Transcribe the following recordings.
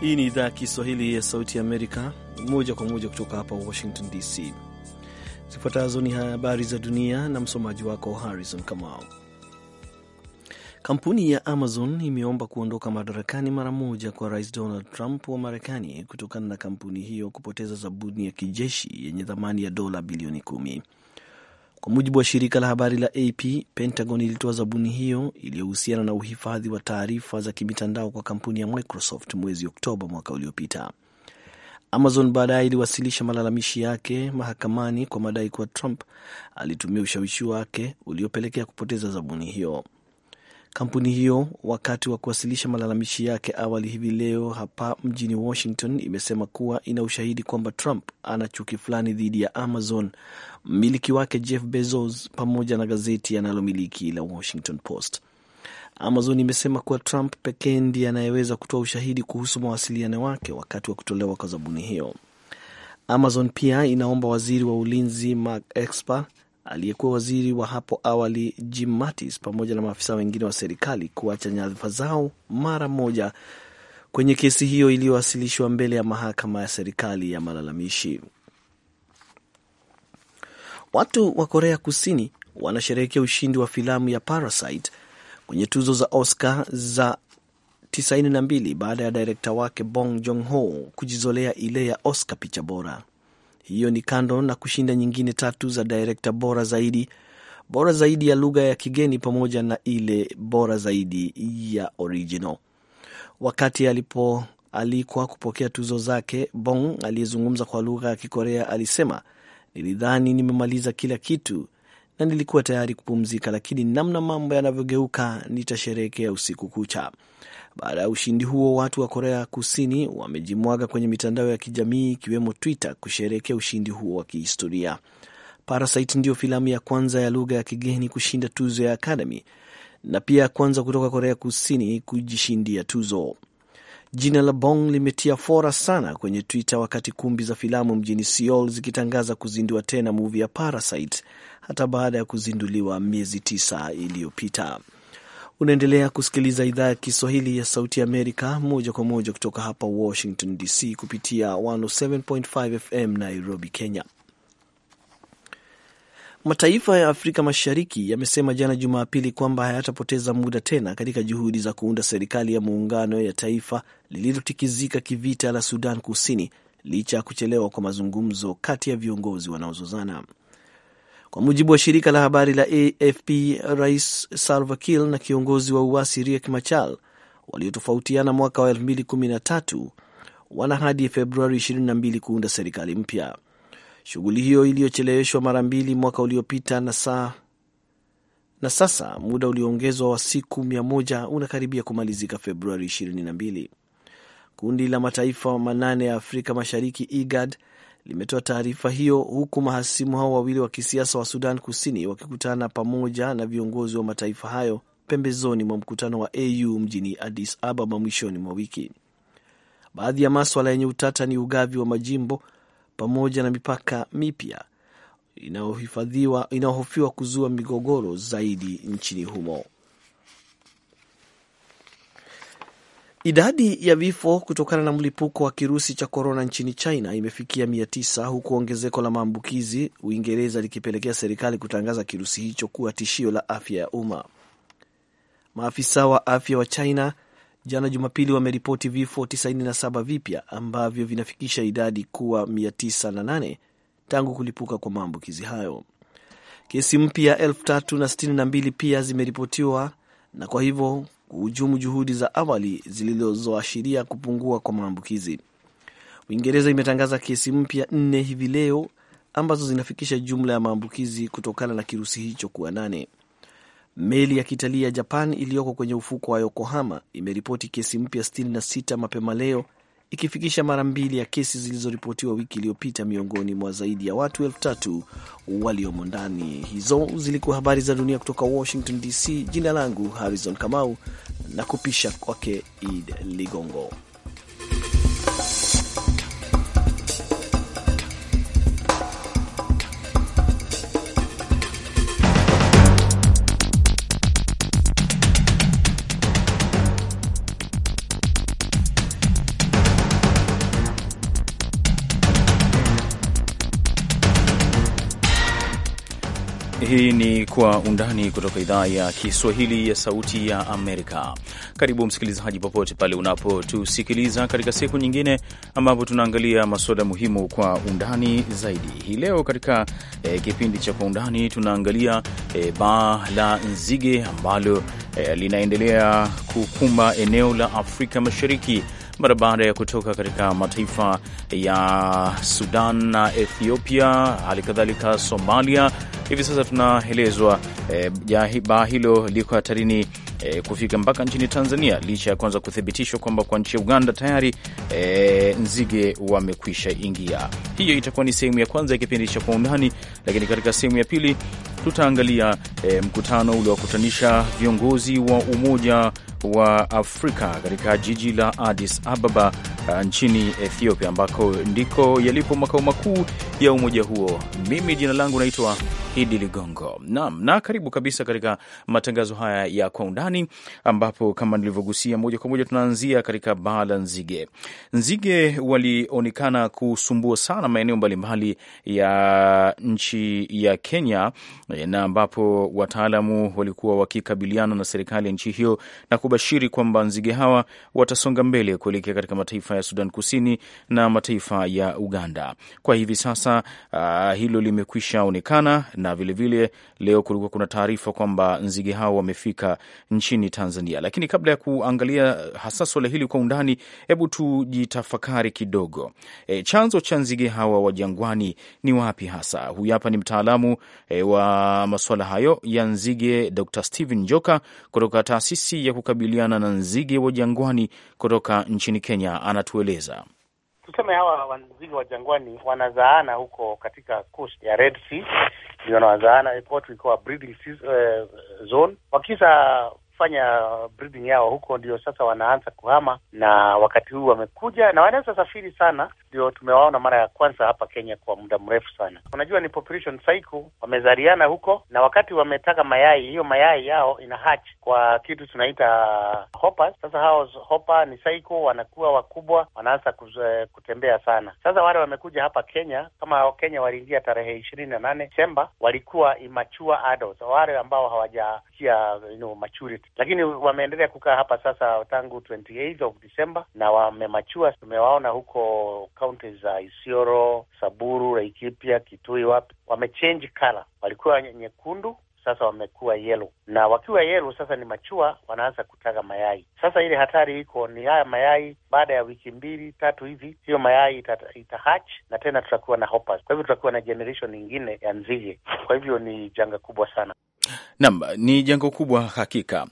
Hii ni idhaa ya Kiswahili ya Sauti ya Amerika, moja kwa moja kutoka hapa Washington DC. Zifuatazo ni habari za dunia na msomaji wako Harrison Kamau. Kampuni ya Amazon imeomba kuondoka madarakani mara moja kwa Rais Donald Trump wa Marekani kutokana na kampuni hiyo kupoteza zabuni ya kijeshi yenye thamani ya dola bilioni kumi. Kwa mujibu wa shirika la habari la AP, Pentagon ilitoa zabuni hiyo iliyohusiana na uhifadhi wa taarifa za kimitandao kwa kampuni ya Microsoft mwezi Oktoba mwaka uliopita. Amazon baadaye iliwasilisha malalamishi yake mahakamani kwa madai kuwa Trump alitumia ushawishi wake uliopelekea kupoteza zabuni hiyo. Kampuni hiyo wakati wa kuwasilisha malalamishi yake awali hivi leo hapa mjini Washington imesema kuwa ina ushahidi kwamba Trump ana chuki fulani dhidi ya Amazon, mmiliki wake Jeff Bezos, pamoja na gazeti analomiliki la Washington Post. Amazon imesema kuwa Trump pekee ndiye anayeweza kutoa ushahidi kuhusu mawasiliano wake wakati wa kutolewa kwa zabuni hiyo. Amazon pia inaomba waziri wa ulinzi Mark Esper aliyekuwa waziri wa hapo awali Jim Mattis pamoja na maafisa wengine wa serikali kuacha nyadhifa zao mara moja kwenye kesi hiyo iliyowasilishwa mbele ya mahakama ya serikali ya malalamishi. Watu wa Korea Kusini wanasherehekea ushindi wa filamu ya Parasite kwenye tuzo za Oscar za 92 baada ya direkta wake Bong Joon-ho kujizolea ile ya Oscar picha bora. Hiyo ni kando na kushinda nyingine tatu za direkta bora zaidi, bora zaidi ya lugha ya kigeni pamoja na ile bora zaidi ya original. Wakati alipoalikwa kupokea tuzo zake, Bong aliyezungumza kwa lugha ya Kikorea alisema, nilidhani nimemaliza kila kitu na nilikuwa tayari kupumzika, lakini namna mambo yanavyogeuka nitasherehekea usiku kucha. Baada ya ushindi huo, watu wa Korea Kusini wamejimwaga kwenye mitandao ya kijamii ikiwemo Twitter kusherehekea ushindi huo wa kihistoria. Parasite ndiyo filamu ya kwanza ya lugha ya kigeni kushinda tuzo ya Academy na pia kwanza kutoka Korea Kusini kujishindia tuzo. Jina la Bong limetia fora sana kwenye Twitter wakati kumbi za filamu mjini Seoul zikitangaza kuzindua tena movie ya Parasite hata baada ya kuzinduliwa miezi tisa iliyopita. Unaendelea kusikiliza idhaa ya Kiswahili ya Sauti ya Amerika moja kwa moja kutoka hapa Washington DC kupitia 107.5 FM Nairobi, Kenya. Mataifa ya Afrika Mashariki yamesema jana Jumapili kwamba hayatapoteza muda tena katika juhudi za kuunda serikali ya muungano ya taifa lililotikizika kivita la Sudan Kusini licha ya kuchelewa kwa mazungumzo kati ya viongozi wanaozozana. Kwa mujibu wa shirika la habari la AFP, Rais Salva Kiir na kiongozi wa uasi Riek Machar waliotofautiana mwaka wa 2013 wana hadi Februari 22 kuunda serikali mpya. Shughuli hiyo iliyocheleweshwa mara mbili mwaka uliopita na saa na sasa muda ulioongezwa wa siku 1 unakaribia kumalizika Februari 22. Kundi la mataifa manane ya Afrika Mashariki IGAD limetoa taarifa hiyo huku mahasimu hao wawili wa kisiasa wa Sudan Kusini wakikutana pamoja na viongozi wa mataifa hayo pembezoni mwa mkutano wa AU mjini Addis Ababa mwishoni mwa wiki. Baadhi ya maswala yenye utata ni ugavi wa majimbo pamoja na mipaka mipya inayohofiwa kuzua migogoro zaidi nchini humo. Idadi ya vifo kutokana na mlipuko wa kirusi cha korona nchini China imefikia mia tisa huku ongezeko la maambukizi Uingereza likipelekea serikali kutangaza kirusi hicho kuwa tishio la afya ya umma. Maafisa wa afya wa China jana Jumapili wameripoti vifo 97 vipya ambavyo vinafikisha idadi kuwa 908 tangu kulipuka kwa maambukizi hayo. Kesi mpya 362 pia zimeripotiwa na kwa hivyo kuhujumu juhudi za awali zilizoashiria kupungua kwa maambukizi. Uingereza imetangaza kesi mpya nne hivi leo ambazo zinafikisha jumla ya maambukizi kutokana na kirusi hicho kuwa nane. Meli ya kitalii ya Japan iliyoko kwenye ufuko wa Yokohama imeripoti kesi mpya 66 mapema leo ikifikisha mara mbili ya kesi zilizoripotiwa wiki iliyopita miongoni mwa zaidi ya watu elfu tatu waliomo ndani. Hizo zilikuwa habari za dunia kutoka Washington DC. Jina langu Harrison Kamau na kupisha kwake Id Ligongo. Hii ni Kwa Undani kutoka idhaa ya Kiswahili ya Sauti ya Amerika. Karibu msikilizaji, popote pale unapotusikiliza katika siku nyingine ambapo tunaangalia masuala muhimu kwa undani zaidi. Hii leo katika eh, kipindi cha Kwa Undani tunaangalia eh, baa la nzige ambalo eh, linaendelea kukumba eneo la Afrika Mashariki mara baada ya kutoka katika mataifa ya Sudan na Ethiopia, hali kadhalika Somalia hivi sasa tunaelezwa e, baa hilo liko hatarini e, kufika mpaka nchini Tanzania licha ya kwanza kuthibitishwa kwamba kwa nchi ya Uganda tayari e, nzige wamekwisha ingia. Hiyo itakuwa ni sehemu ya kwanza ya kipindi cha Kwa Undani, lakini katika sehemu ya pili tutaangalia e, mkutano uliokutanisha viongozi wa Umoja wa Afrika katika jiji la Addis Ababa eh, nchini Ethiopia, ambako ndiko yalipo makao makuu ya umoja huo. Mimi jina langu naitwa Idi Ligongo nam na karibu kabisa katika matangazo haya ya Kwa Undani, ambapo kama nilivyogusia, moja kwa moja tunaanzia katika baa la nzige. Nzige walionekana kusumbua sana maeneo mbalimbali ya nchi ya Kenya na ambapo wataalamu walikuwa wakikabiliana na serikali ya nchi hiyo na kubashiri kwamba nzige hawa watasonga mbele kuelekea katika mataifa ya Sudan Kusini na mataifa ya Uganda. Kwa hivi sasa uh, hilo limekwisha onekana, na vilevile vile, leo kulikuwa kuna taarifa kwamba nzige hao wamefika nchini Tanzania. Lakini kabla ya kuangalia hasa swala hili kwa undani, hebu tujitafakari kidogo. E, chanzo cha nzige hawa wa jangwani ni wapi hasa? Huyu hapa ni mtaalamu e, wa masuala hayo ya nzige, Dr stehen Joka kutoka taasisi ya kukabiliana na nzige wa jangwani kutoka nchini Kenya anatueleza. Tuseme hawa wanzige wa jangwani wanazaana huko katika coast ya Red Sea, ndio wanazaana iko breeding eh, zone wakisa kufanya breeding yao huko, ndio sasa wanaanza kuhama, na wakati huu wamekuja na wanaweza safiri sana, ndio tumewaona mara ya kwanza hapa Kenya kwa muda mrefu sana. Unajua ni population cycle, wamezaliana huko, na wakati wametaga mayai, hiyo mayai yao ina hatch kwa kitu tunaita hoppers. Sasa hao hopper ni cycle, wanakuwa wakubwa, wanaanza eh, kutembea sana. Sasa wale wamekuja hapa Kenya, kama Kenya waliingia tarehe ishirini na nane Desemba, walikuwa immature adults, wale ambao hawajafikia you know, maturity lakini wameendelea kukaa hapa sasa tangu 28 of December na wamemachua. Tumewaona huko kaunti za isioro saburu Laikipia, Kitui, wapi wamechange color, walikuwa nyekundu sasa wamekuwa yelo, na wakiwa yelo sasa ni machua, wanaanza kutaga mayai. Sasa ile hatari iko ni haya mayai, baada ya wiki mbili tatu hivi, hiyo mayai itahatch ita na tena tutakuwa na hoppers. Kwa hivyo tutakuwa na generation nyingine ya nzige. Kwa hivyo ni janga kubwa sana. Naam, ni jengo kubwa hakika.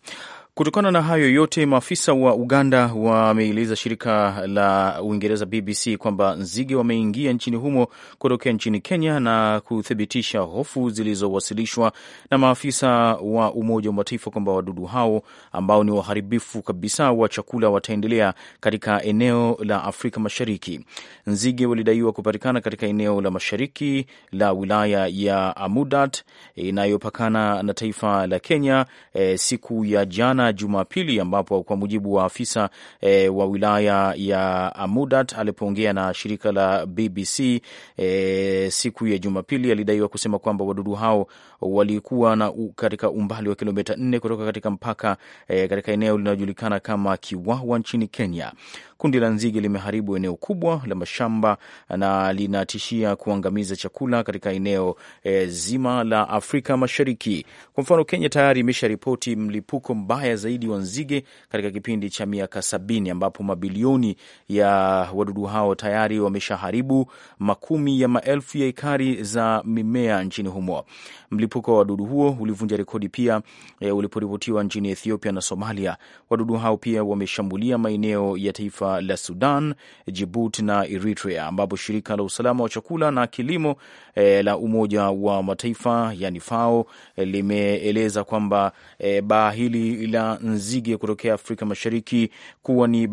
Kutokana na hayo yote, maafisa wa Uganda wameeleza shirika la Uingereza BBC kwamba nzige wameingia nchini humo kutokea nchini Kenya na kuthibitisha hofu zilizowasilishwa na maafisa wa Umoja wa Mataifa kwamba wadudu hao ambao ni waharibifu kabisa wa chakula wataendelea katika eneo la Afrika Mashariki. Nzige walidaiwa kupatikana katika eneo la mashariki la wilaya ya Amudat inayopakana na taifa la Kenya e, siku ya jana Jumapili, ambapo kwa mujibu wa afisa e, wa wilaya ya Amudat alipoongea na shirika la BBC e, eh, siku ya Jumapili alidaiwa kusema kwamba wadudu hao walikuwa na katika umbali wa kilomita nne kutoka katika mpaka e, katika eneo linalojulikana kama Kiwawa nchini Kenya. Kundi la nzige limeharibu eneo kubwa la mashamba na linatishia kuangamiza chakula katika eneo e, zima la Afrika Mashariki. Kwa mfano, Kenya tayari imesha ripoti mlipuko mbaya zaidi wa nzige katika kipindi cha miaka sabini ambapo mabilioni ya wadudu hao tayari wameshaharibu makumi ya maelfu ya ekari za mimea nchini humo. Mlipuko wa wadudu huo ulivunja rekodi pia e, uliporipotiwa nchini Ethiopia na Somalia. Wadudu hao pia wameshambulia maeneo ya taifa la Sudan, Jibuti na Eritrea, ambapo shirika la usalama wa chakula na kilimo e, la Umoja wa Mataifa yani FAO limeeleza kwamba e, baa hili la nzige kutokea Afrika Mashariki kuwa ni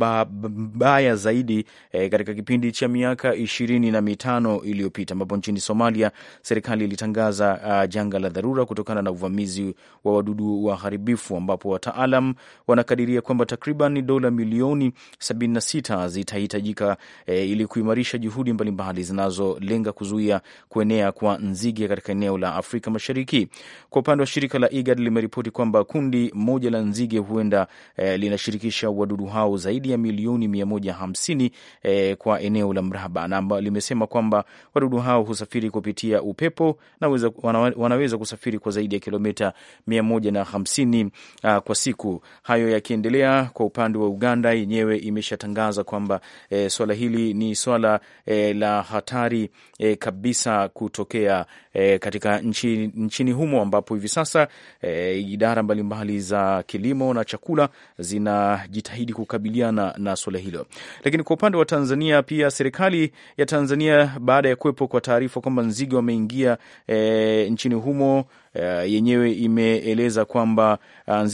baya zaidi e, katika kipindi cha miaka ishirini na mitano iliyopita ambapo nchini Somalia serikali ilitangaza uh, janga la dharura kutokana na uvamizi wa wadudu waharibifu, ambapo wataalam wanakadiria kwamba takriban dola milioni 76 zitahitajika e, ili kuimarisha juhudi mbalimbali zinazolenga kuzuia kuenea kwa nzige katika eneo la Afrika Mashariki. Kwa upande wa shirika la IGAD limeripoti kwamba kundi moja la nzige huenda eh, linashirikisha wadudu hao zaidi ya milioni mia moja hamsini eh, kwa eneo la mraba, na limesema kwamba wadudu hao husafiri kupitia upepo na weza, wana, wanaweza kusafiri kwa zaidi ya kilomita mia moja na hamsini ah, kwa siku. Hayo yakiendelea, kwa upande wa Uganda yenyewe imeshatangaza kwamba eh, swala hili ni swala eh, la hatari eh, kabisa kutokea eh, katika nchi, nchini humo ambapo hivi sasa eh, idara mbalimbali za kilimu kilimo na chakula zinajitahidi kukabiliana na suala hilo. Lakini kwa upande wa Tanzania pia serikali ya Tanzania baada ya kuwepo kwa taarifa kwamba nzige wameingia e, nchini humo uh, yenyewe imeeleza kwamba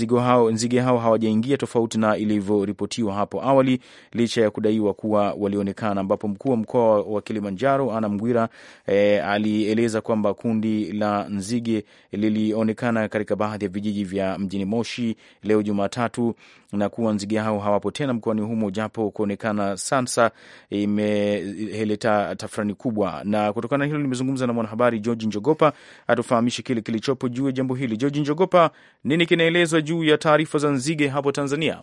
uh, hao, nzige hao hawajaingia tofauti na ilivyoripotiwa hapo awali, licha ya kudaiwa kuwa walionekana, ambapo mkuu wa mkoa wa Kilimanjaro Ana Mgwira eh, alieleza kwamba kundi la nzige lilionekana katika baadhi ya vijiji vya mjini Moshi leo Jumatatu na kuwa nzige hao hawapo tena mkoani humo, japo kuonekana sasa imeleta tafrani kubwa. Na kutokana na hilo nimezungumza na mwanahabari George Njogopa atufahamishe kile kilicho hapo juu ya jambo hili. George Njogopa, nini kinaelezwa juu ya taarifa za nzige hapo Tanzania?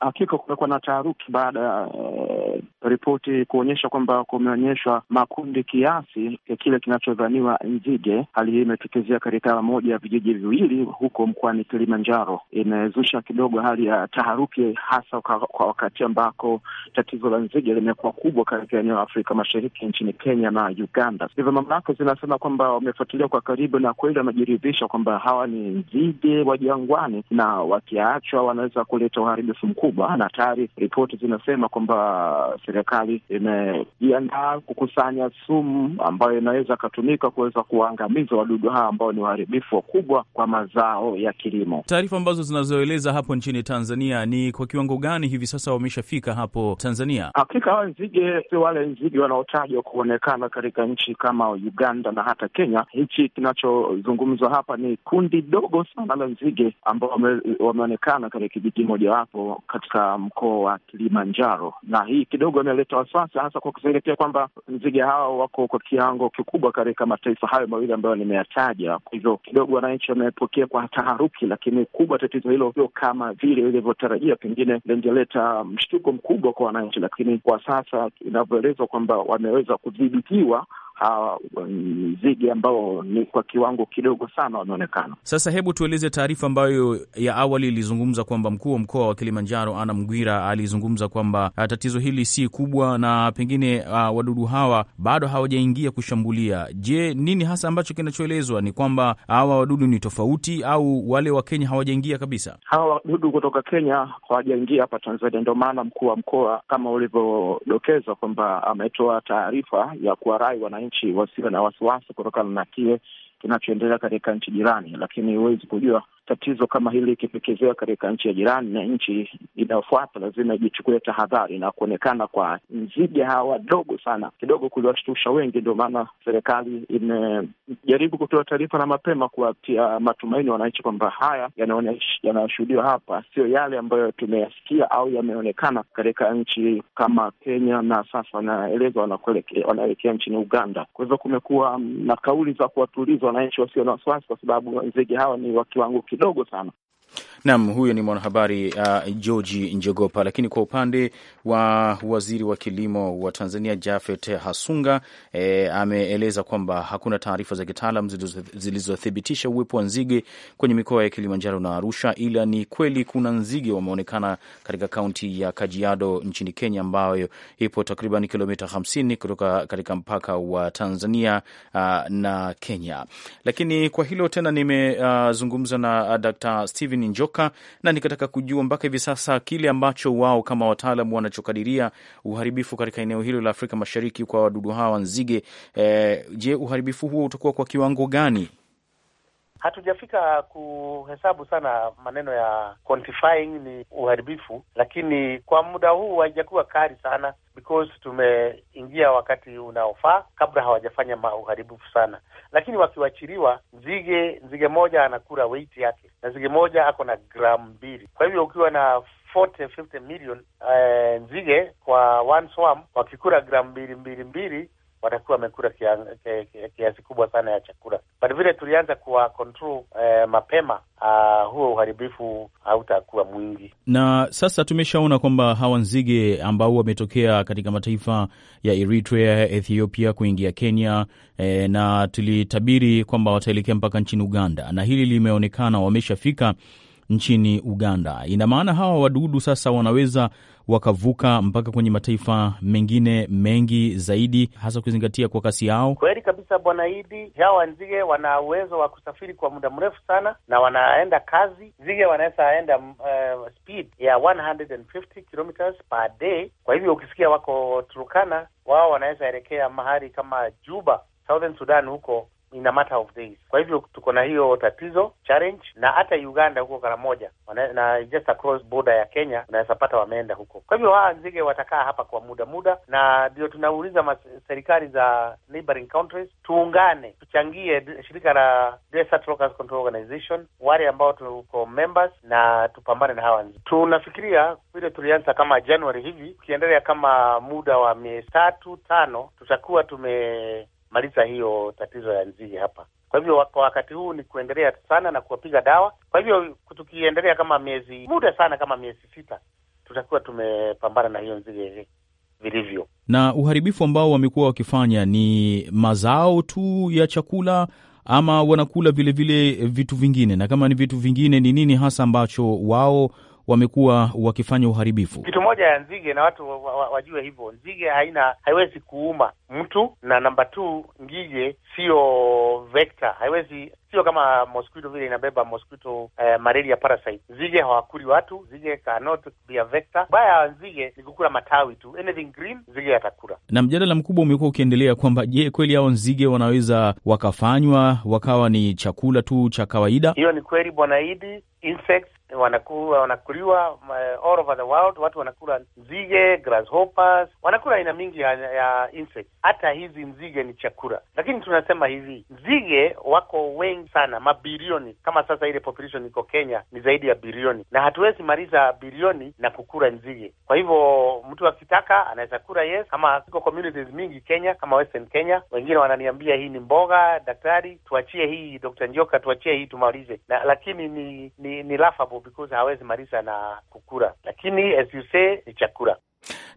Hakika kumekuwa na taharuki baada ya uh, ripoti kuonyesha kwamba kumeonyeshwa makundi kiasi ya kile kinachodhaniwa nzige. Hali hii imetokezea katika moja ya vijiji viwili huko mkoani Kilimanjaro, imezusha kidogo hali ya taharuki, hasa kwa wakati ambako tatizo la nzige limekuwa kubwa katika eneo la Afrika Mashariki, nchini Kenya na Uganda. Hivyo mamlaka zinasema kwamba wamefuatilia kwa karibu na kweli wamejiridhisha kwamba hawa ni nzige wa jangwani, na wakiachwa wanaweza kuleta uharibifu mkuu kubwa na tayari ripoti zinasema kwamba serikali imejiandaa kukusanya sumu ambayo inaweza ikatumika kuweza kuwaangamiza wadudu hawa ambao ni waharibifu wakubwa kwa mazao ya kilimo. Taarifa ambazo zinazoeleza hapo nchini Tanzania ni kwa kiwango gani hivi sasa wameshafika hapo Tanzania? Hakika hawa nzige si wale nzige wanaotajwa kuonekana katika nchi kama Uganda na hata Kenya. Hichi kinachozungumzwa hapa ni kundi dogo sana la nzige ambao wameonekana katika kijiji mojawapo katika mkoa wa Kilimanjaro, na hii kidogo imeleta wasiwasi, hasa kwa kuzingatia kwamba nzige hao wako kwa kiwango kikubwa katika mataifa hayo mawili ambayo nimeyataja. Kwa hivyo kidogo wananchi wamepokea kwa taharuki, lakini kubwa tatizo hilo sio kama vile ilivyotarajia, pengine lingeleta mshtuko mkubwa kwa wananchi, lakini kwa sasa inavyoelezwa kwamba wameweza kudhibitiwa uh, nzige ambao ni kwa kiwango kidogo sana wameonekana. Sasa hebu tueleze taarifa ambayo ya awali ilizungumza kwamba mkuu wa mkoa wa Kilimanjaro ana mgwira alizungumza kwamba ah, tatizo hili si kubwa na pengine uh, wadudu hawa bado hawajaingia kushambulia. Je, nini hasa ambacho kinachoelezwa? Ni kwamba hawa wadudu ni tofauti au wale wa Kenya hawajaingia kabisa? Hawa wadudu kutoka Kenya hawajaingia hapa Tanzania, ndio maana mkuu wa mkoa kama ulivyodokeza kwamba ametoa taarifa ya kuwarai wananchi wananchi wasiwe na wasiwasi kutokana na kile kinachoendelea katika nchi jirani, lakini huwezi kujua tatizo kama hili ikipekezewa katika nchi ya jirani, na nchi inayofuata lazima ijichukulia tahadhari na kuonekana kwa nzige hawa wadogo sana kidogo kuliwashtusha wengi. Ndio maana serikali imejaribu kutoa taarifa na mapema kuwatia matumaini wananchi kwamba haya yanayoshuhudiwa hapa sio yale ambayo tumeyasikia au yameonekana katika nchi kama Kenya, na sasa wanaelezwa wanaelekea nchini Uganda. Kwa hivyo kumekuwa na kauli za kuwatuliza wananchi wasio na wasiwasi, kwa sababu nzige hawa ni wa kiwango kidogo sana nam huyo ni mwanahabari uh, Georgi Njogopa. Lakini kwa upande wa waziri wa kilimo wa Tanzania Jafet Hasunga e, ameeleza kwamba hakuna taarifa za kitaalam zilizothibitisha uwepo wa nzige kwenye mikoa ya Kilimanjaro na Arusha, ila ni kweli kuna nzige wameonekana katika kaunti ya Kajiado nchini Kenya, ambayo ipo takriban kilomita 50 kutoka katika mpaka wa Tanzania uh, na Kenya. Lakini kwa hilo tena nimezungumza uh, na uh, Dr. Steven Njoka kuondoka, na nikataka kujua mpaka hivi sasa kile ambacho wao kama wataalam wanachokadiria uharibifu katika eneo hilo la Afrika Mashariki kwa wadudu hawa nzige. E, je, uharibifu huo utakuwa kwa kiwango gani? Hatujafika kuhesabu sana maneno ya quantifying ni uharibifu, lakini kwa muda huu haijakuwa kali sana because tumeingia wakati unaofaa kabla hawajafanya uharibifu sana. Lakini wakiwachiriwa nzige nzige moja anakula weight yake, na nzige moja ako na gramu mbili. Kwa hivyo ukiwa na 40, 50 million eh, nzige kwa one swarm wakikula gramu mbili mbili mbili watakuwa wamekula kiasi kubwa sana ya chakula, but vile tulianza kuwa control eh, mapema Uh, huo uharibifu hautakuwa mwingi. Na sasa tumeshaona kwamba hawa nzige ambao wametokea katika mataifa ya Eritrea, Ethiopia, kuingia Kenya eh, na tulitabiri kwamba wataelekea mpaka nchini Uganda, na hili limeonekana wameshafika nchini Uganda. Ina maana hawa wadudu sasa wanaweza wakavuka mpaka kwenye mataifa mengine mengi zaidi, hasa ukizingatia kwa kasi yao. Kweli kabisa, Bwana Idi, hawa nzige wana uwezo wa kusafiri kwa muda mrefu sana, na wanaenda kazi. Nzige wanaweza enda uh, speed ya 150 kilometers per day. Kwa hivyo ukisikia wako Turukana, wao wanaweza elekea mahali kama Juba, Southern Sudan huko in a matter of days. Kwa hivyo tuko na hiyo tatizo challenge, na hata Uganda huko Karamoja na just across border ya Kenya unaweza pata wameenda huko. Kwa hivyo hawa nzige watakaa hapa kwa muda muda, na ndio tunauliza serikali za neighboring countries, tuungane, tuchangie shirika la Desert Locust Control Organization, wale ambao tuko members, na tupambane na hawa nzige. Tunafikiria vile tulianza kama January hivi, tukiendelea kama muda wa miezi tatu tano, tutakuwa tume kumaliza hiyo tatizo ya nzige hapa. Kwa hivyo kwa wakati huu ni kuendelea sana na kuwapiga dawa. Kwa hivyo tukiendelea kama miezi muda sana kama miezi sita, tutakuwa tumepambana na hiyo nzige vilivyo. Na uharibifu ambao wamekuwa wakifanya ni mazao tu ya chakula ama wanakula vilevile vile vitu vingine, na kama ni vitu vingine, ni nini hasa ambacho wao wamekuwa wakifanya uharibifu. Kitu moja ya nzige, na watu wajue hivyo, nzige haina haiwezi kuuma mtu, na namba two, ngige siyo vector, haiwezi sio kama mosquito vile inabeba mosquito eh, malaria parasite. Nzige hawakuli watu, nzige cannot be a vector. Baya nzige ni kukula matawi tu, anything green nzige yatakula. Na mjadala mkubwa umekuwa ukiendelea kwamba je, kweli hao nzige wanaweza wakafanywa wakawa ni chakula tu cha kawaida? Hiyo ni kweli bwana Idi, insects wanaku, wanakuliwa uh, all over the world. Watu wanakula nzige, grasshoppers, wanakula aina mingi ya, ya insects. Hata hizi nzige ni chakula, lakini tunasema hivi, nzige wako wengi sana, mabilioni. Kama sasa ile population iko Kenya ni zaidi ya bilioni, na hatuwezi maliza bilioni na kukula nzige. Kwa hivyo mtu akitaka anaweza kula yes, kama ziko communities mingi Kenya kama Western Kenya. Wengine wananiambia hii ni mboga, daktari tuachie hii, Dr. Njoka tuachie hii tumalize na, lakini ni ni, ni laughable because hawezi maliza na kukura, lakini as you say ni chakura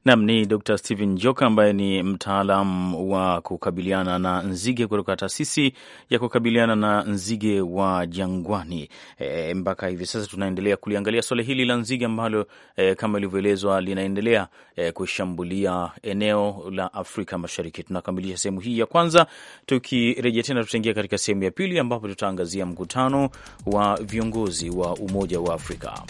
Nam ni Dr Stephen Joka ambaye ni mtaalam wa kukabiliana na nzige kutoka taasisi ya kukabiliana na nzige wa Jangwani. E, mpaka hivi sasa tunaendelea kuliangalia swala hili la nzige ambalo e, kama ilivyoelezwa linaendelea e, kushambulia eneo la Afrika Mashariki. Tunakamilisha sehemu hii ya kwanza, tukirejea tena tutaingia katika sehemu ya pili ambapo tutaangazia mkutano wa viongozi wa Umoja wa Afrika.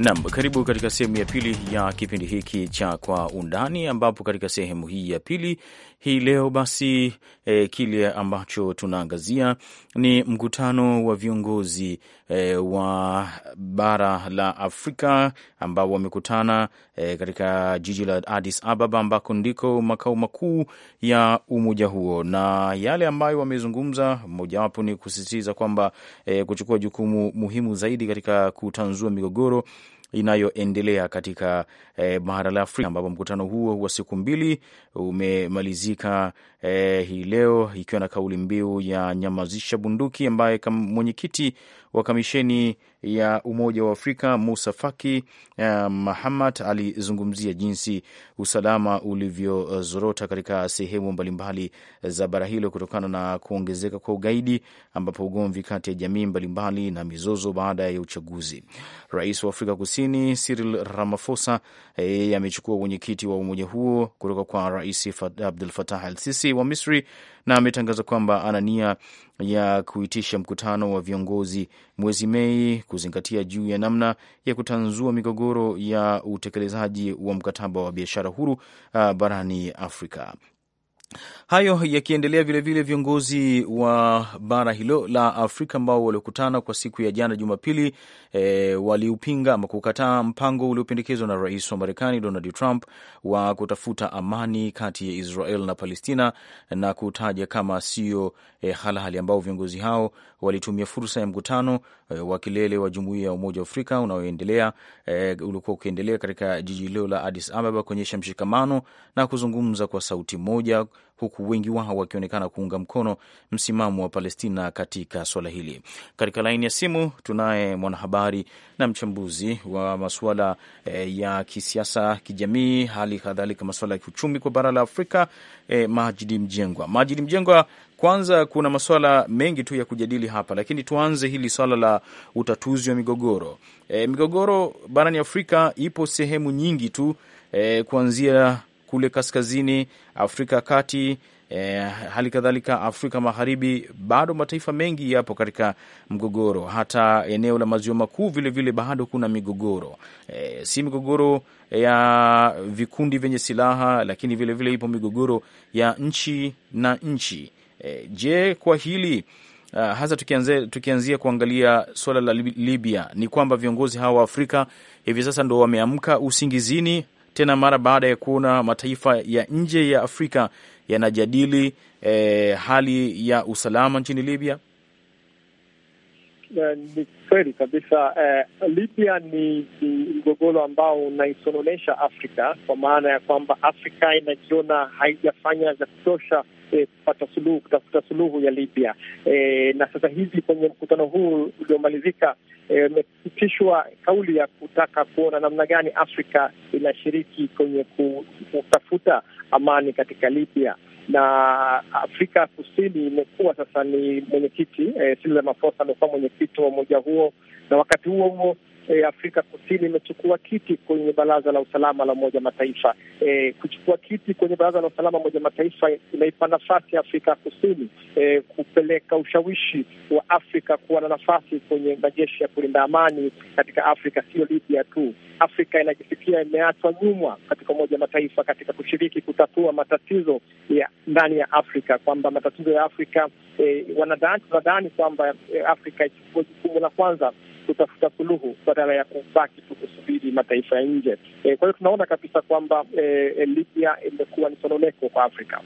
Nam, karibu katika sehemu ya pili ya kipindi hiki cha Kwa Undani, ambapo katika sehemu hii ya pili hii leo basi e, kile ambacho tunaangazia ni mkutano wa viongozi e, wa bara la Afrika ambao wamekutana e, katika jiji la Addis Ababa ambako ndiko makao makuu ya umoja huo, na yale ambayo wamezungumza, mojawapo ni kusisitiza kwamba e, kuchukua jukumu muhimu zaidi katika kutanzua migogoro inayoendelea katika eh, bara la Afrika, ambapo mkutano huo wa siku mbili umemalizika eh, hii leo ikiwa na kauli mbiu ya nyamazisha bunduki, ambaye mwenyekiti wa kamisheni ya Umoja wa Afrika Musa Faki eh, Mahamat alizungumzia jinsi usalama ulivyozorota katika sehemu mbalimbali za bara hilo kutokana na kuongezeka kwa ugaidi, ambapo ugomvi kati ya jamii mbalimbali na mizozo baada ya uchaguzi. Rais wa Afrika Kusini Cyril Ramaphosa yeye amechukua wenyekiti wa umoja huo kutoka kwa Rais Abdul Fatah al Sisi wa Misri, na ametangaza kwamba ana nia ya kuitisha mkutano wa viongozi mwezi Mei kuzingatia juu ya namna ya kutanzua migogoro ya utekelezaji wa mkataba wa biashara huru uh, barani Afrika. Hayo yakiendelea vilevile, viongozi wa bara hilo la Afrika ambao waliokutana kwa siku ya jana Jumapili e, waliupinga ama kukataa mpango uliopendekezwa na rais wa Marekani Donald Trump wa kutafuta amani kati ya Israel na Palestina na kutaja kama sio e, halali, ambao viongozi hao walitumia fursa ya mkutano eh, wa kilele wa jumuiya ya Umoja wa Afrika unaoendelea e, eh, uliokuwa ukiendelea katika jiji hilo la Addis Ababa kuonyesha mshikamano na kuzungumza kwa sauti moja huku wengi wao wakionekana kuunga mkono msimamo wa Palestina katika swala hili. Katika laini ya simu tunaye mwanahabari na mchambuzi wa masuala eh, ya kisiasa, kijamii, hali kadhalika masuala ya kiuchumi kwa bara la Afrika eh, Majidi Mjengwa. Majidi Mjengwa, kwanza kuna masuala mengi tu ya kujadili hapa, lakini tuanze hili swala la utatuzi wa migogoro. E, migogoro barani Afrika ipo sehemu nyingi tu e, kuanzia kule kaskazini Afrika ya kati E, hali kadhalika Afrika Magharibi, bado mataifa mengi yapo katika mgogoro. Hata eneo la maziwa makuu vilevile bado kuna migogoro e, si migogoro ya vikundi vyenye silaha, lakini vilevile vile ipo migogoro ya nchi na nchi. E, je, kwa hili uh, hasa tukianzia kuangalia suala la Libya ni kwamba viongozi hawa wa Afrika hivi sasa ndo wameamka usingizini tena mara baada ya kuona mataifa ya nje ya Afrika yanajadili eh, hali ya usalama nchini Libya? Ni kweli kabisa eh, Libya ni, ni mgogoro ambao unaisononesha Afrika kwa maana ya kwamba Afrika inajiona haijafanya vya kutosha eh, kupata eh, suluhu, kutafuta suluhu ya Libya eh, na sasa hivi kwenye mkutano huu uliomalizika imepitishwa eh, kauli ya kutaka kuona namna gani Afrika inashiriki kwenye kutafuta amani katika Libya na Afrika Kusini imekuwa sasa ni mwenyekiti e, Cyril Ramaphosa amekuwa mwenyekiti wa umoja huo, na wakati huo huo e, Afrika Kusini imechukua kiti kwenye baraza la usalama la Umoja Mataifa. E, kuchukua kiti kwenye baraza la usalama la Umoja Mataifa inaipa nafasi ya Afrika Kusini e, kupeleka ushawishi wa Afrika kuwa na nafasi kwenye majeshi ya kulinda amani katika Afrika, sio Libya tu. Afrika inajisikia imeachwa nyuma katika Umoja Mataifa katika kushiriki kutatua matatizo ya ndani ya Afrika, kwamba matatizo ya Afrika e, wanadhani kwamba e, Afrika ichukue jukumu la kwanza kutafuta suluhu badala ya kubaki tu kusubiri mataifa ya nje. E, kwa hiyo tunaona kabisa kwamba e, Libya imekuwa ni sononeko kwa Afrika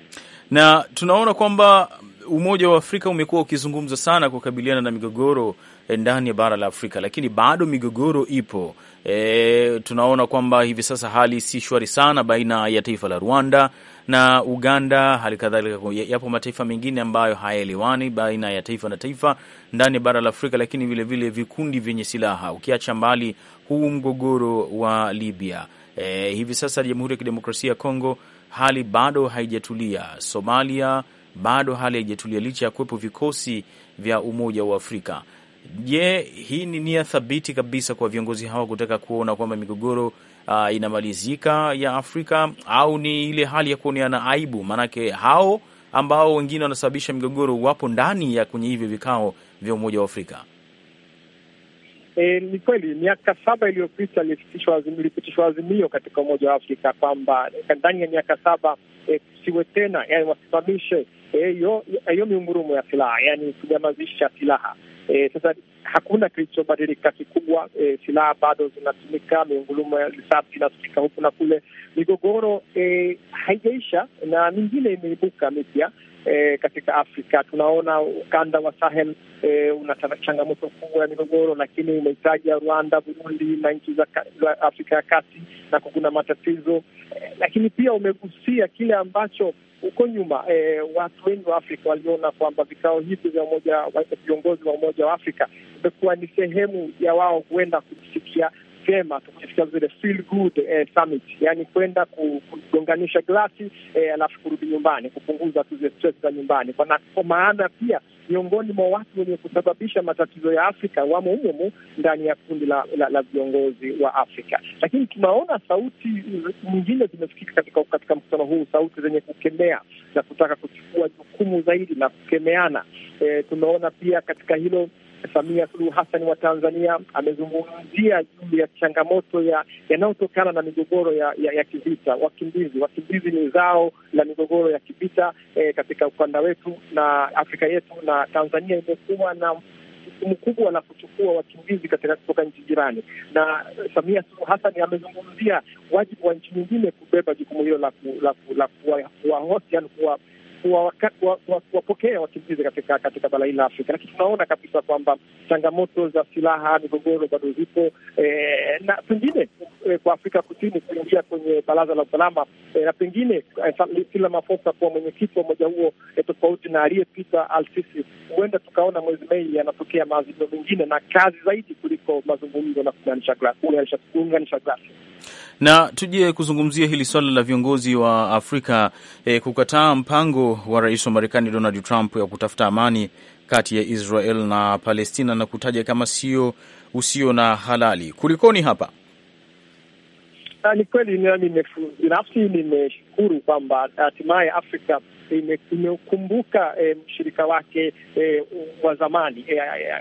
na tunaona kwamba Umoja wa Afrika umekuwa ukizungumza sana kukabiliana na migogoro ndani ya bara la Afrika, lakini bado migogoro ipo. E, tunaona kwamba hivi sasa hali si shwari sana baina ya taifa la Rwanda na Uganda, hali kadhalika yapo mataifa mengine ambayo hayaelewani baina ya taifa na taifa ndani ya bara la Afrika, lakini vilevile vile vikundi vyenye silaha, ukiacha mbali huu mgogoro wa Libya. E, hivi sasa Jamhuri ya Kidemokrasia ya Kongo hali bado haijatulia. Somalia bado hali haijatulia licha ya kuwepo vikosi vya Umoja wa Afrika. Je, hii ni nia thabiti kabisa kwa viongozi hawa kutaka kuona kwamba migogoro uh, inamalizika ya Afrika au ni ile hali ya kuoneana aibu? Maanake hao ambao wengine wanasababisha migogoro wapo ndani ya kwenye hivyo vikao vya Umoja wa Afrika. E, ni kweli miaka saba iliyopita ilipitishwa azimio katika Umoja wa Afrika kwamba eh, ndani ya miaka saba e, eh, siwe tena, yani eh, wasimamishe hiyo eh, e, miungurumo ya silaha, yani kunyamazisha silaha e, sasa hakuna kilichobadilika kikubwa. E, silaha bado zinatumika, miungurumo ya risasi inatumika huku na kule, migogoro e, haijaisha na mingine imeibuka mipya e, katika Afrika. Tunaona ukanda wa Sahel e, una changamoto kubwa ya migogoro, lakini umehitaja Rwanda, Burundi na nchi za Afrika ya Kati, na kuna matatizo e, lakini pia umegusia kile ambacho huko nyuma e, watu wengi wa Afrika waliona kwamba vikao hivi vya umoja viongozi wa Umoja wa Afrika imekuwa ni sehemu ya wao huenda kusikia vyema tukifika zile feel good eh, summit, yani kwenda kugonganisha glasi eh, alafu kurudi nyumbani, kupunguza tu zile stress za nyumbani, kwa maana pia miongoni mwa watu wenye kusababisha matatizo ya Afrika wamo humomu ndani ya kundi la, la, la viongozi wa Afrika. Lakini tunaona sauti nyingine zimefikika katika, katika mkutano huu, sauti zenye kukemea na kutaka kuchukua jukumu zaidi na kukemeana. E, eh, tumeona pia katika hilo Samia Suluhu Hassan wa Tanzania amezungumzia juu ya changamoto yanayotokana ya na migogoro ya, ya, ya kivita. Wakimbizi, wakimbizi ni zao la migogoro ya kivita eh, katika ukanda wetu na Afrika yetu, na Tanzania imekuwa na kubwa la kuchukua wakimbizi katika kutoka nchi jirani, na Samia Suluhu Hassan amezungumzia wajibu wa nchi nyingine kubeba jukumu hilo la kuwahosti, yaani kuwa kuwapokea wakimbizi katika katika bara hili la Afrika, lakini tunaona kabisa kwamba changamoto za silaha, migogoro bado zipo e, na pengine e, kwa Afrika Kusini kuingia kwenye baraza la usalama e, na pengine e, mafosa kuwa mwenyekiti wa umoja huo e, tofauti na aliyepita Al-Sisi, huenda tukaona mwezi Mei yanatokea maazimio mengine na kazi zaidi kuliko mazungumzo na kuunganisha glasi na tuje kuzungumzia hili swala la viongozi wa Afrika eh, kukataa mpango wa rais wa Marekani Donald Trump ya kutafuta amani kati ya Israel na Palestina na kutaja kama sio usio na halali. Kulikoni hapa? Ni kweli, nami binafsi nimeshukuru kwamba hatimaye Afrika imekumbuka e, mshirika wake e, wa zamani e, e,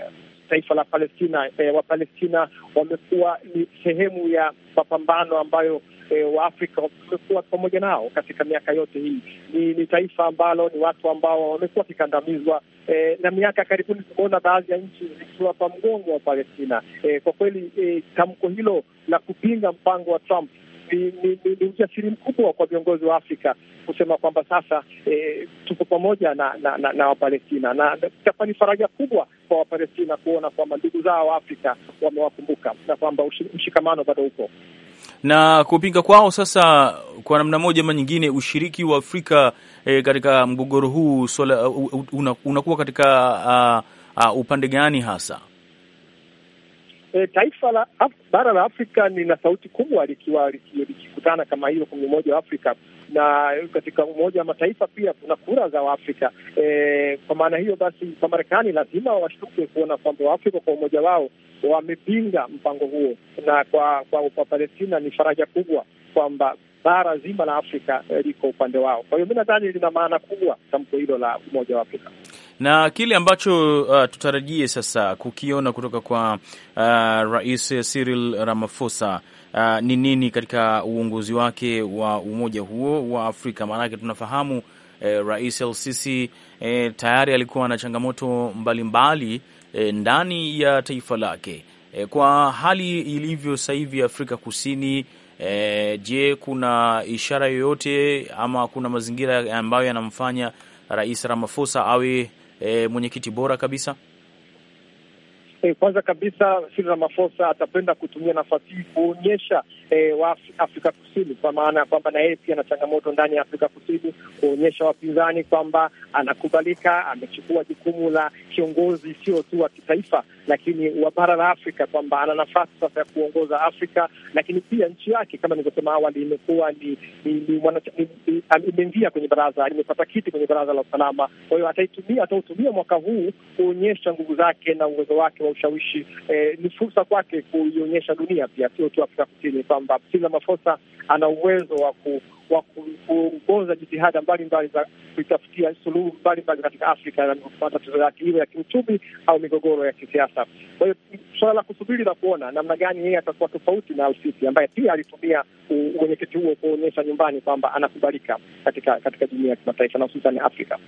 taifa la Palestina. E, Wapalestina wamekuwa ni sehemu ya mapambano ambayo E, wa Waafrika tumekuwa pamoja nao katika miaka yote hii. Ni, ni taifa ambalo ni watu ambao wamekuwa wakikandamizwa e, na miaka karibuni tumeona baadhi ya nchi zikiwapa mgongo wa Palestina. E, kwa kweli e, tamko hilo la kupinga mpango wa Trump ni ujasiri mkubwa kwa viongozi wa Afrika kusema kwamba sasa e, tuko pamoja na na, na, na Wapalestina na itakuwa ni faraja kubwa kwa Wapalestina kuona kwamba ndugu zao wa Afrika wamewakumbuka na kwamba mshikamano bado upo na kupinga kwao sasa, kwa namna moja ama nyingine, ushiriki wa Afrika e, katika mgogoro huu swala, uh, unakuwa una katika uh, uh, upande gani hasa? E, taifa la bara la Afrika lina sauti kubwa likiwa likikutana kama hiyo kumi umoja wa Afrika na katika Umoja wa Mataifa pia kuna kura za Waafrika. E, kwa maana hiyo basi, kwa Marekani lazima washtuke kuona kwamba Waafrika kwa umoja wao wamepinga mpango huo, na kwa kwa, kwa Palestina ni faraja kubwa kwamba bara zima la Afrika e, liko upande wao. Kwa hiyo mi nadhani lina maana kubwa tamko hilo la Umoja wa Afrika na kile ambacho uh, tutarajie sasa kukiona kutoka kwa uh, Rais Cyril Ramaphosa Ah, ni nini katika uongozi wake wa umoja huo wa Afrika? Maanake tunafahamu eh, Rais El Sisi eh, tayari alikuwa na changamoto mbalimbali eh, ndani ya taifa lake eh, kwa hali ilivyo sasa hivi Afrika Kusini. E, je, kuna ishara yoyote ama kuna mazingira ambayo yanamfanya Rais Ramaphosa awe e, mwenyekiti bora kabisa? eh, kwanza kabisa Cyril Ramaphosa atapenda kutumia nafasi hii kuonyesha eh, wa Afrika Kusini, kwa maana ya kwamba na yeye pia ana changamoto ndani ya Afrika Kusini, kuonyesha wapinzani kwamba anakubalika, amechukua jukumu la kiongozi sio tu wa kitaifa, lakini wa bara la Afrika, kwamba ana nafasi sasa ya kuongoza Afrika. Lakini pia nchi yake kama nilivyosema awali imekuwa ni, ni, ni, ni, imeingia kwenye baraza, imepata kiti kwenye baraza la usalama. Kwa hiyo ataitumia, atautumia mwaka huu kuonyesha nguvu zake na uwezo wake wa ushawishi eh, ni fursa kwake kuionyesha dunia pia, sio tu Afrika Kusini, kwamba Cyril Ramaphosa ana uwezo wa ku wa kuongoza jitihada mbalimbali za kuitafutia suluhu mbalimbali katika Afrika na matatizo yake, iwe ya kiuchumi au migogoro ya kisiasa. Kwa hiyo suala la kusubiri na kuona namna gani yeye atakuwa tofauti na Alsisi ambaye pia alitumia uwenyekiti huo kuonyesha nyumbani kwamba anakubalika katika katika ya kimataifa na hususan Afrika.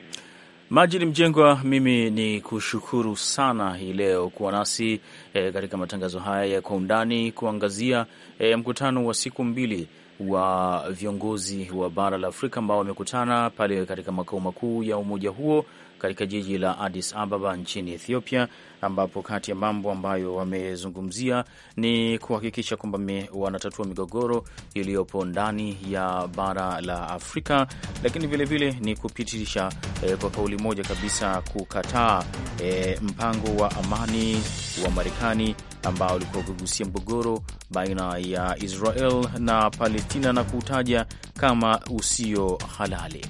Majini Mjengwa, mimi ni kushukuru sana hii leo kuwa nasi e, katika matangazo haya ya kwa undani kuangazia e, mkutano wa siku mbili wa viongozi wa bara la Afrika ambao wamekutana pale katika makao makuu ya umoja huo katika jiji la Addis Ababa nchini Ethiopia, ambapo kati ya mambo ambayo wamezungumzia ni kuhakikisha kwamba wanatatua migogoro iliyopo ndani ya bara la Afrika, lakini vilevile ni kupitisha eh, kwa kauli moja kabisa kukataa eh, mpango wa amani wa Marekani ambao ulikuwa ukigusia mgogoro baina ya Israel na Palestina na kuutaja kama usio halali.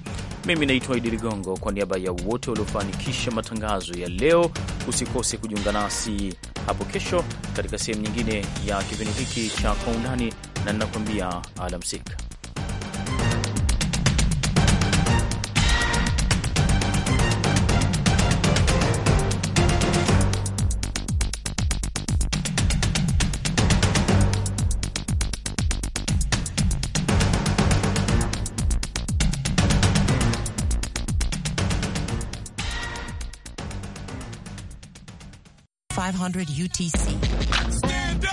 Mimi naitwa Idi Ligongo, kwa niaba ya wote waliofanikisha matangazo ya leo, usikose kujiunga nasi hapo kesho katika sehemu nyingine ya kipindi hiki cha Kwa Undani, na ninakuambia alamsika. 100 UTC.